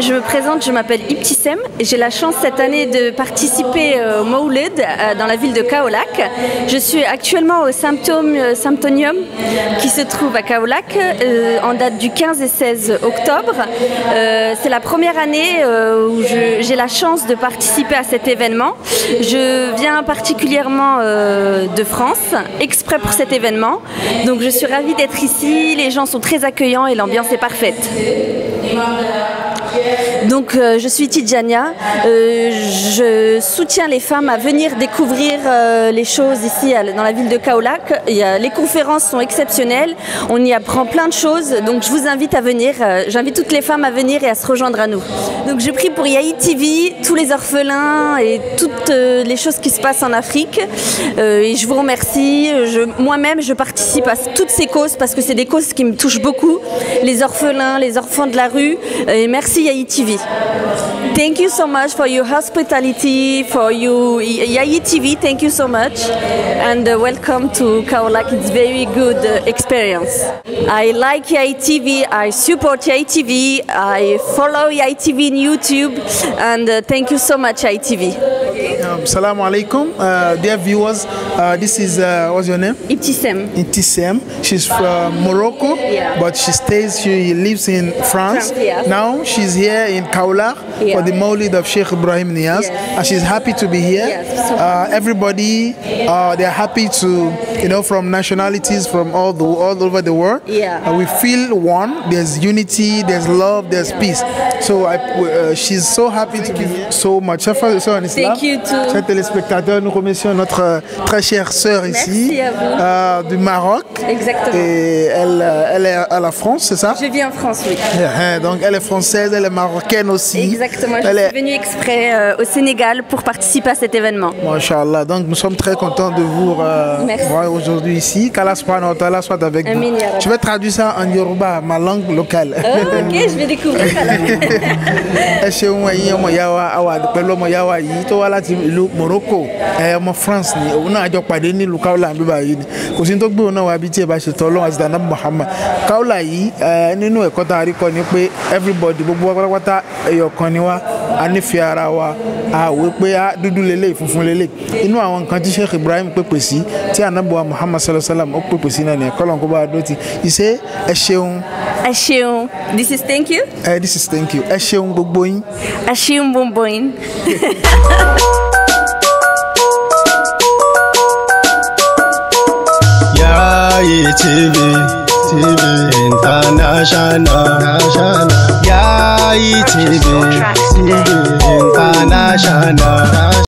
je me présente, je m'appelle Ibtissem. J'ai la chance cette année de participer euh, au Mawlid euh, dans la ville de Kaolac. Je suis actuellement au Symptôme, euh, Symptonium qui se trouve à Kaolac en date du 15 et 16 octobre. C'est la première année où j'ai la chance de participer à cet événement. Je viens particulièrement de France, exprès pour cet événement. Donc je suis ravie d'être ici, les gens sont très accueillants et l'ambiance est parfaite. Donc euh, je suis Tidjania, euh, je soutiens les femmes à venir découvrir euh, les choses ici dans la ville de Kaolac. les conférences sont exceptionnelles, on y apprend plein de choses, donc je vous invite à venir, j'invite toutes les femmes à venir et à se rejoindre à nous. Donc je prie pour Yaï TV, tous les orphelins et toutes les choses qui se passent en Afrique et je vous remercie. Moi-même je participe à toutes ces causes parce que c'est des causes qui me touchent beaucoup, les orphelins, les enfants de la rue et merci Yai TV. Thank you so much for your hospitality, for you, Yai TV. Thank you so much, and uh, welcome to Kaolak. It's very good uh, experience. I like Yai TV. I support Yai TV. I follow Yai TV in YouTube, and uh, thank you so much, Yai TV. Um, Salaamu alaikum, uh, dear viewers. Uh, this is uh, what's your name? Ibtisem. Ibtisem. She's from Morocco, yeah. but she stays. She lives in France. France yeah. Now she's here in Kaula yeah. for the Maulid of Sheikh Ibrahim Nias, and she's happy to be here. Uh, everybody, uh, they're happy to you know from nationalities from all the all over the world. Yeah. we feel one. There's unity. There's love. There's peace. So I, uh, she's so happy to give so much effort so Thank you too. Euh, Chers téléspectateurs, nous remercions notre très chère sœur ici, euh, du Maroc. Exactement. Et elle, euh, elle, est à la France, c'est ça Je vis en France, oui. Eh, donc elle est française, elle est marocaine aussi. Exactement, je elle suis est... venue exprès au Sénégal pour participer à cet événement. Masha'Allah, donc nous sommes très contents de vous voir aujourd'hui ici. soit avec vous. Je vais traduire ça en Yoruba, ma langue locale. Oh, ok, je vais découvrir ça eh, ìlú Morocco ẹ ọmọ France ni òun náà àjọ pàdé nílùú Kaula àbí báyìí ni kò sí ní tó gbé òun náà wá bí tí ẹ bá ṣe ọlọ́run àti dànù Muhammad Kaula yìí nínú ẹ̀kọ́ tá a rí kọ́ ni pé everybody gbogbo wa pátápátá ẹyọ kan ni wá a nífẹ̀ẹ́ ara wa a wí pé a dúdú lélẹ̀ funfun lélẹ̀ inú àwọn nǹkan tí Sheikh Ibrahim pèpè sí tí anabuwa Muhammad sallallahu alayhi wa sallam ó pèpè sí náà ni ẹ̀kọ́ lọ́nkọ́ bá a dó ẹ ṣeun. this is thank you. ẹ this is thank you ẹ ṣeun gbogbo yín. ẹ ṣeun gbogbo yín. yi TV, TV international ya yi TV, cibi international